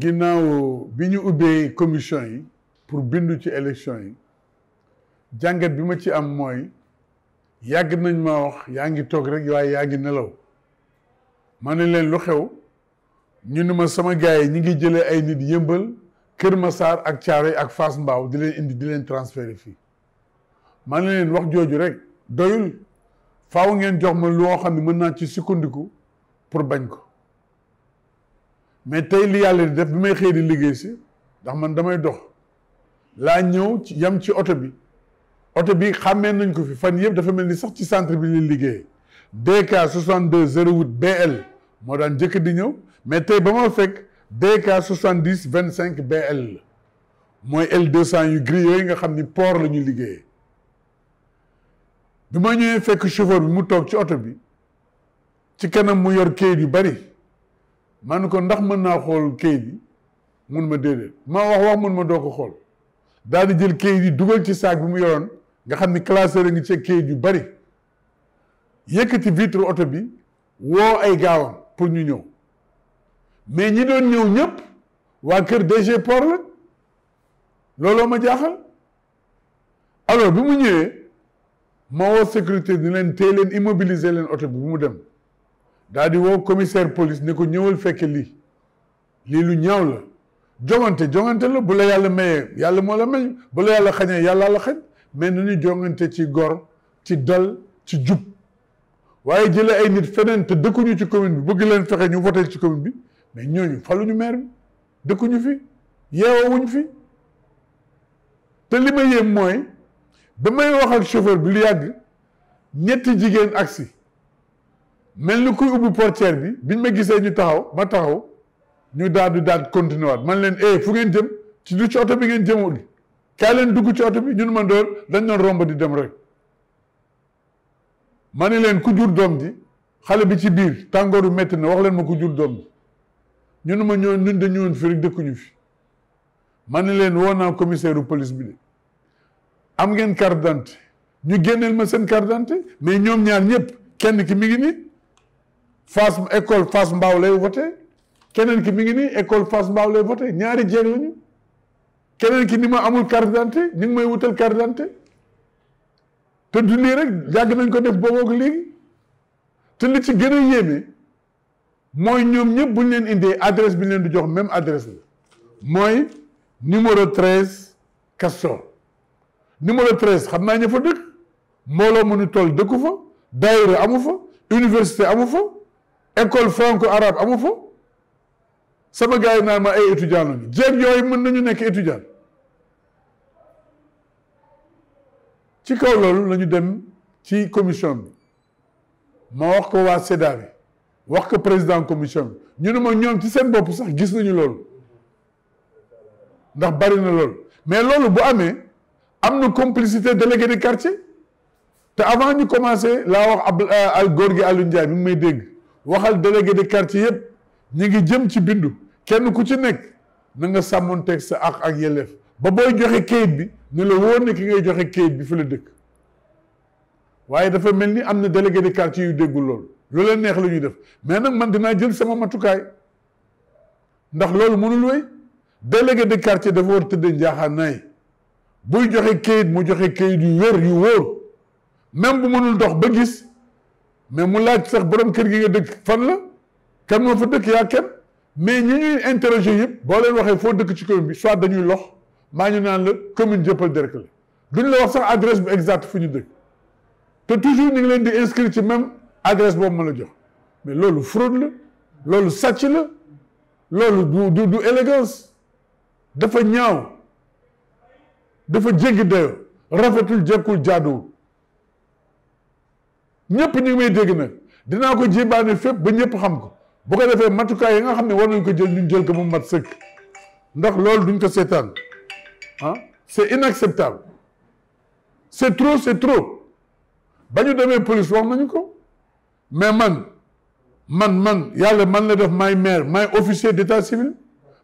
ginnaaw bi ñu ubbee commission yi pour bindu ci élection yi jàngat bi ma ci am mooy yàgg nañ ma wax yaa ngi toog rek waaye yaa ngi nelaw ma ne leen lu xew ñu ne ma sama gars yi ñu ngi jëlee ay nit yëmbal Kër Massar ak Thiaroye ak Fass mbaaw di leen indi di leen transféré fi ma ne leen wax jooju rek doyul faaw ngeen jox ma loo xam ne mën naa ci sukkandiku pour bañ ko mais tey li yàlla di def bi may xëy di liggéey si ndax man damay dox laa ñëw ci yam ci oto bi oto bi xàmmee nañ ko fi fan yëpp dafa mel ni sax ci centre bi li liggéey DK 62 08 BL moo daan njëkk di ñëw mais tey ba ma fekk DK 70 25 BL la mooy L200 yu gris yooyu nga xam ni port la ñu liggéeyee bi ma ñëwee fekk chauffeur bi mu toog ci oto bi ci kanam mu yor kayit yu bari ma ne ko ndax mën naa xool kayit yi mun ma déedéet ma wax wax mun ma doo ko xool daal di jël kayit yi dugal ci saak bi mu yoroon nga xam ni classeur a ngi ci kayit yu bari yëkkati vitre oto bi woo ay gaawam pour ñu ñëw mais ñi doon ñëw ñëpp waa kër DG Port la looloo ma jaaxal alors bi mu ñëwee ma woo sécurité ni leen téye leen immobiliser leen oto bi bu mu dem daal di woo commissaire police ne ko ñëwal fekke lii lii lu ñaaw la jongante jongante la bu la yàlla mayee yàlla moo la may bu la yàlla xañee yàlla la xañ mais nu ñu jongante ci gor ci dal ci jub waaye jële ay nit feneen te dëkkuñu ci commune bi bëgg leen fexe ñu voté ci commune bi mais ñooñu faluñu maire bi dëkkuñu fi yeewawuñ fi te li ma yéem mooy ba may wax ak chauffeur bi lu yàgg ñetti jigéen agsi mel ni kuy ubbi portière bi biñ ma gisee ñu taxaw ma taxaw ñu daal di daal continué waat man leen eh, fu ngeen jëm ci du ci bi ngeen jëmul kaa leen dugg ci oto bi ñun ma door dañ doon romb di dem rek ma ne leen ku jur doom ji xale bi ci biir tàngooru métti na wax leen ma ku jur doom ji ñun ma ñoo ñun dañu woon fi rek dëkkuñu fi ma ne leen woo naa commissaire police bi de am ngeen carte d'identité ñu génneel ma seen carte d'identité mais ñoom ñaar ñëpp kenn ki mi ngi nii Fass école Fass Mbao lay voté keneen ki mi ngi nii école fas Mbao lay voté ñaari jeeg lañu keneen ki ni ma amul carte d'identité ñu ngi may wutal carte d'identité te du lii rek jàgg nañ ko def booboog léegi te li ci gën a yéeme mooy ñoom ñëpp bu ñu leen indee adresse bi leen di jox même adresse la mooy numéro 13 Castor numéro 13 xam naa ña fa dëkk mbooloo mu ñu toll dëkku fa daayira amu fa université amu fa. école franco arabe amu fa sama gars yi naan ma ay étudiant lañu jéeg yooyu mën nañu nekk étudiant ci kaw loolu lañu dem ci commission bi ma wax ko waa SEDA bi wax ko président commission bi ñu ne ma ñoom ci seen bopp sax gis nañu loolu ndax bari na loolu mais loolu bu amee am na complicité délégué de quartier te avant ñu commencé laa wax ab euh, al góor gi Aliou Ndiaye mi ngi may dégg waxal délégué de quartier yëpp ñu ngi jëm ci bindu kenn ku ci nekk na nga teg sa àq ak yelleef ba booy joxe kayit bi ne la wóor ne ki ngay joxe kayit bi fi la dëkk waaye dafa mel ni am na délégué de quartier yu déggul loolu lu leen neex la def mais nag man dinaa jël sama matukaay ndax loolu mënul wéy délégué de quartier dafa war tëddee njaaxaanaay buy joxe kayit mu joxe kayit yu wér yu wóor même bu mënul dox ba gis mais mu laaj sax borom kër gi nga dëkk fan la kan moo fa dëkk yaa kenn mais ñi ñuy interroger yëpp boo leen waxee foo dëkk ci commune bi soit dañuy lox maa ñu naan la commune Dieuppeul Derklé la duñ la wax sax adresse bu exacte fu ñu dëkk te toujours ñu ngi leen di inscrire ci même adresse boobu ma la jox mais loolu fraude la loolu sàcc la loolu du du élégance dafa ñaaw dafa jéggi dayoo rafetul jekkul jaadoo ñëpp ñu ngi may dégg nag dinaa ko jébaane fépp ba ñëpp xam ko bu ko defee matukaay yi nga xam ne war nañ ko jël ñu jël ko mu mat sëkk ndax loolu duñ ko seetaan ah c'est inacceptable c'est trop c'est trop ba ñu demee police wax nañu ko mais man man man yàlla man la def maay maire maay officier d'état civil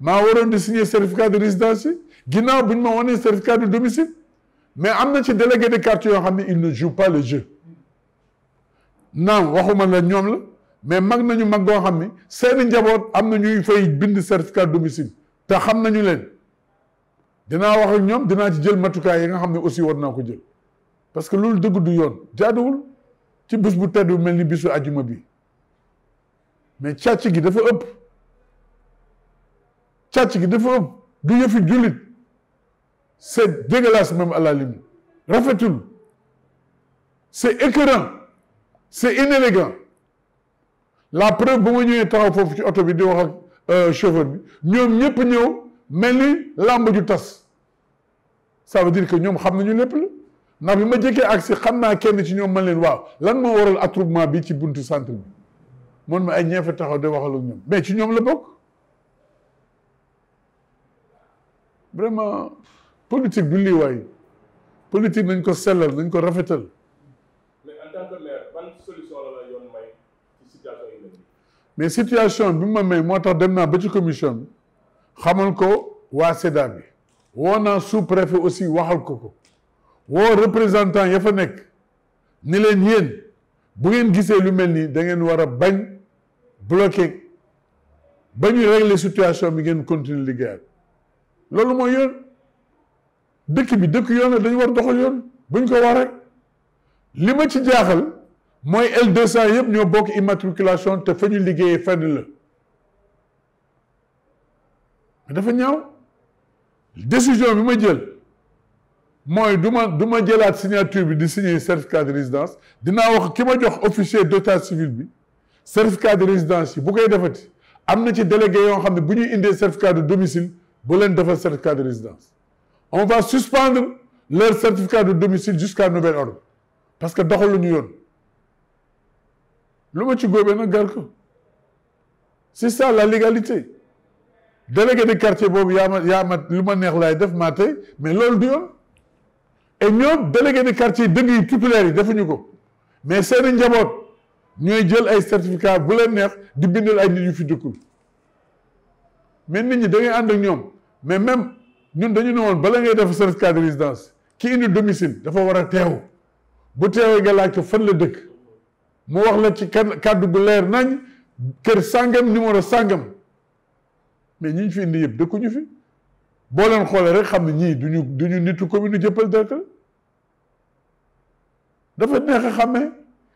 maa waroon di signer certificat de résidence yi ginnaaw bu ñu ma wanee certificat de domicile mais am na ci délégué de quartier yoo xam ne il ne joue pas le naam waxuma la ñoom la mais mag nañu mag goo xam ne seeni njaboot am na ñuy fay bind certificat domicile te xam nañu leen dinaa wax ñoom dinaa ci jël matukaay yi nga xam ne aussi war naa ko jël parce que loolu dëgg du yoon jaaduwul ci bés bu tedd bu mel ni bisu ajuma bi mais càcc gi dafa ëpp càcc gi dafa ëpp du yëfi jullit c'est dégueulasse même à la limite rafetul c'est écœurant c'est inélégant la preuve bu ma ñëwee taxaw foofu ci oto bi di wax ak euh, chauffeur bi ñoom ñëpp ñëw mel ni làmb ju tas ça veut dire que ñoom xam nañu lépp la ndax bi ma jëkkee ak si xam naa kenn ci ñoom man leen waaw lan moo waral attroupement bi ci buntu centre bi man ma ay ñee fa taxaw di waxal ak ñoom mais ci ñoom la bokk vraiment politique du lii waay politique nañ ko sellal nañ ko rafetal. mais situation bi ma may moo tax dem naa ba ci commission bi xamal ko waa SEDA bi woo naa sous-préfet aussi waxal ko ko woo représentant ya fa nekk ni leen yéen bu ngeen gisee lu mel nii da ngeen war a bañ bloqué ba ñu régler situation bi ngeen continuer liggéeyal loolu mooy yoon dëkk bi dëkk yoon la dañu war doxal yoon buñ ko war rek li ma ci jaaxal mooy L200 yëpp ñoo bokk immatriculation te fa ñu liggéeyee fenn la mais dafa ñaaw décision bi ma jël mooy du ma du ma jëlaat signature bi di signer certificat de résidence dinaa wax ki ma jox officier d'état civil bi certificat de résidence yi bu koy defati am na ci délégué yoo xam ne bu ñuy indee certificat de domicile bu leen defal certificat de résidence on va suspendre leur certificat de domicile jusqu'à nouvel ordre parce que doxaluñu yoon lu ma ci góobee nag gar ko c'est ça la légalité délégué de quartier boobu yaa ma yaa ma lu ma neex laay def maa tey mais loolu du yoon et ñoom délégué de quartier dëgg yi titulaires yi defuñu ko mais seeni njaboot ñooy jël ay certificat bu leen neex di bindal ay nit ñu fi dëkkul mais nit ñi da ànd ak ñoom mais même ñun dañu ne woon bala ngay def certificat de résidence ki indi domicile dafa war a teew bu teewee nga laaj ko fan la dëkk mu wax la ci kàddu gu leer nañ kër sàngam numéro sàngam mais ñi ñu fi indi yëpp dëkkuñu fi boo leen xoolee rek xam ne ñii duñu duñu nitu commune Dieuppeul Derklé dafa neex a xàmmee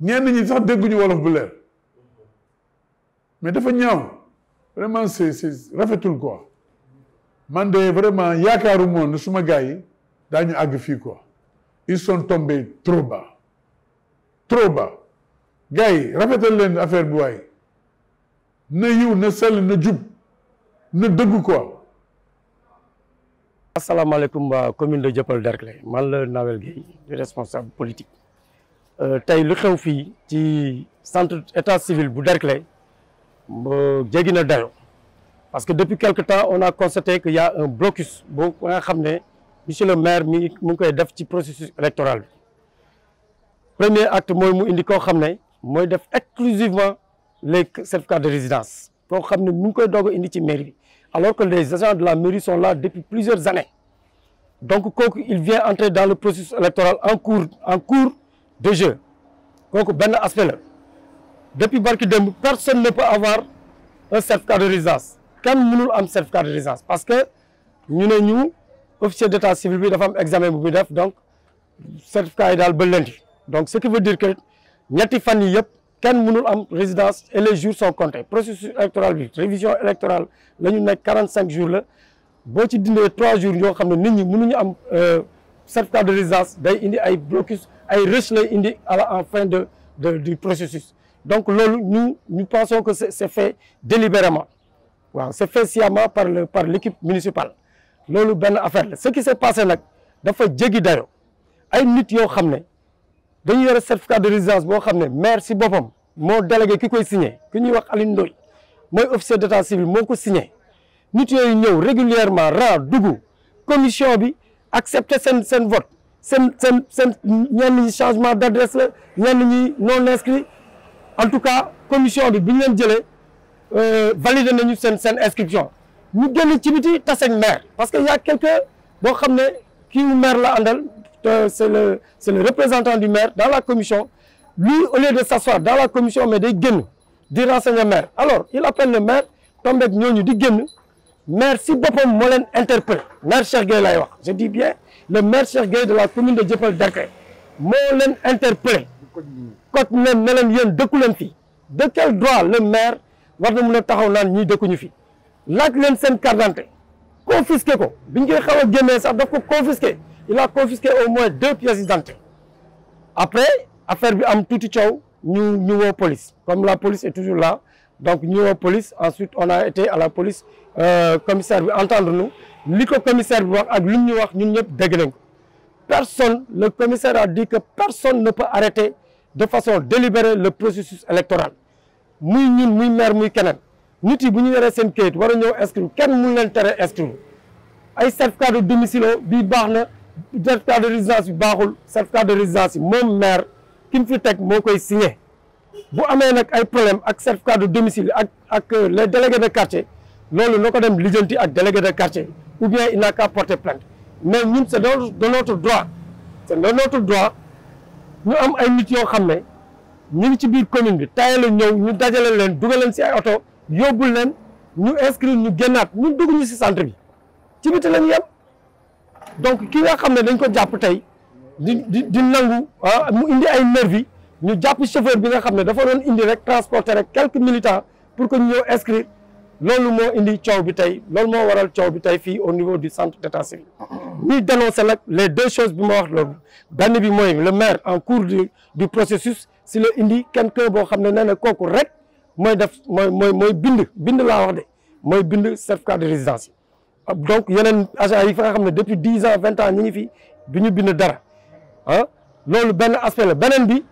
ñenn ñi sax dégguñu wolof bu leer mais dafa ñaaw vraiment c'est c'est rafetul quoi man de vraiment yaakaaru moon ne suma gars yi daañu àgg fii ko ils sont tombés trop ba trop ba gars yi rafetal leen affaire bi waaye na yiw na sell na jub na dëgg quoi. asalaamaaleykum waa commune de Dieuppeul Derklé man la Nawel Guèye di responsable politique euh, tey lu xew fii ci centre état civil bu Derklé jéggi na dayo parce que depuis quelque temps on a constaté que yaa a un blocus boo nga xam ne monsieur le maire mi mu ngi koy def ci processus électoral bi premier acte mooy mu indi koo xam ne mooy def exclusivement les certificats de résidence boo xam ne mu ngi koy doog indi ci mairie bi alors que les agents de la mairie sont là depuis plusieurs années donc kooku il vient entrer dans le processus électoral en cours en cours de jeu kooku benn aspect la depuis barki dem personne ne peut avoir un certificat de résidence kenn mënul am certificat de résidence parce que ñu ne ñu de ta civil bi dafa am examen bu muy def donc certificat yi daal ba lëndi donc ñetti fan yi yëpp kenn mënul am résidence et les jours sont comptés processus électoral bi révision électorale la ñu nekk quarante cinq jours la boo ci dindee trois jours yoo xam ne nit ñi mënuñu am euh, certificat de résidence day indi ay blocus ay rush lay indi à la en fin de du processus donc loolu ñu ñu pensons que c'est fait délibérément waaw c'est fait sciemment par le par l'équipe municipale loolu benn affaire la ce qui s'est passé nag dafa jéggi dayo ay nit yoo xam ne dañu yore certificat de résidence boo xam ne maire si boppam moo délégué ki koy signé ku ñuy wax Alioune Ndoye mooy officier d'état civil moo ko signé nit yooyu ñëw régulièrement ra dugg commission bi accepté seen seen vote seen seen seen ñenn ñi changement d'adresse la ñenn ñi non inscrit en tout cas commission bi bi ñu leen jëlee euh, validé nañu seen seen inscription ñu génn ci biti taseeg maire parce que y a boo xam ne kii maire la àndal te c'est le c'est le représentant du maire dans la commission lui au lieu de s'asseoir dans la commission mais day génn di renseigner maire alors il appelle le maire tombeeg ñooñu di génn maire si boppam moo leen interpellé maire Cheikh Gueye lay wax je dis bien le maire Cheikh Gueye de la commune de Dieuppeul Derklé moo leen interpellé kot nen ne leen yéen dëkku leen fii de quel droit le maire war na mën a taxaw naan ñii dëkkuñu fi laaj leen seen carte confisqué ko bi ñu koy xaw a génnee sax daf ko confisqué il a confisqué au moins deux pièces d'identité après affaire bi am tuuti coow ñu ñu woo police comme la police est toujours là donc ñu wo police ensuite on a été à la police euh, commissaire bi entendre nu li ko commissaire bi wax ak lu ñu wax ñun ñëpp dégg nañ ko personne le commissaire a dit que personne ne peut arrêter de façon délibérée le processus électoral muy ñun muy maire muy keneen nit yi bu ñu yoree seen kayit war a ñëw inscrire kenn mun leen tere inscrire ay certificat de domicile bii baax na certificat de résidence bi baaxul certificat de résidence yi moom maire ki mu fi teg moo koy signé bu amee nag ay problème ak certificat de domicile ak ak euh, les délégués de quartier loolu na ko dem lijjanti ak délégué de quartier ou bien il n'a qu'à porter plainte mais ñun c'est de notre droit c'est de notre droit ñu am ay nit yoo xam ne ñu ngi ci biir commune bi taye la ñëw ñu dajale leen dugal leen si ay yóbbul leen ñu inscrire ñu génnaat ñun dugg ñu si centre bi ci biti lañu yem donc ki nga xam ne dañ ko jàpp tey di di di nangu ah, mu indi ay nervi ñu jàpp chauffeur bi nga xam ne dafa doon indi rek transporter rek quelques militants pour que ñu ñëw inscrire loolu moo indi coow bi tey loolu moo waral coow bi tey fii au niveau du centre d'état civil ñuy dénoncer nag les deux choses bi ma wax loolu benn bi mooy le maire en cours du du processus si la indi quelqu'un boo xam ne nee na kooku rek mooy def mooy mooy mooy bind bind la wax de mooy bind certificat de résidence donc yeneen agent yi fa nga xam ne depuis dix ans vingt ans ñi ngi fi du ñu bind dara ah loolu benn aspect la beneen bi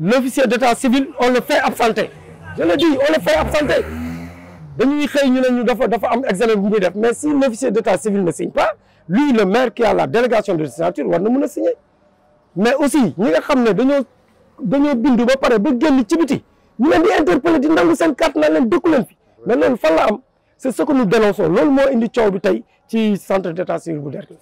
l'officier d'état civil on le fait absenté je le dis on le fait absenté dañuy xëy ñu ne ñu dafa dafa am examen bu muy def mais si l'officier d'état civil ne signe pas lui le maire qui a la délégation de signature war na mën a signer mais aussi ñi nga xam ne dañoo dañoo bind ba pare ba génn ci biti ñu leen di interpeller di nangu seen carte leen dëkku leen fi mais loolu fan la am c'est ce que nous dénonçons loolu moo indi coow bi tey ci centre d'état civil bu Derklé